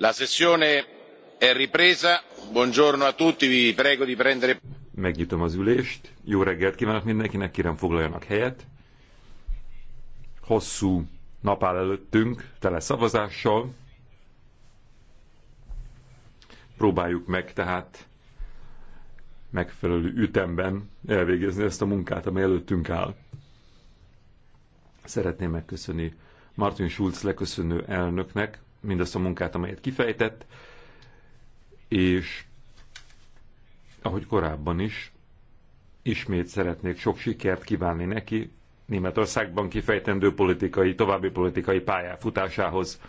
la sessione è ripresa buongiorno a tutti vi prego di prendere. megnyitom az ülést jó reggelt kívánok mindenkinek kérem foglaljanak helyet hosszú nap áll előttünk tele szavazással próbáljuk meg tehát megfelelő ütemben elvégezni ezt a munkát, amely előttünk áll. Szeretném megköszönni Martin Schulz leköszönő elnöknek, mindazt a munkát, amelyet kifejtett, és ahogy korábban is, ismét szeretnék sok sikert kívánni neki Németországban kifejtendő politikai, további politikai pályáfutásához.